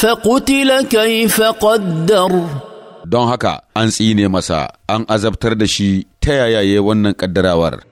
فقتل كيف قدر don haka an tsine masa an azabtar da shi ta yayaye wannan ƙaddarawar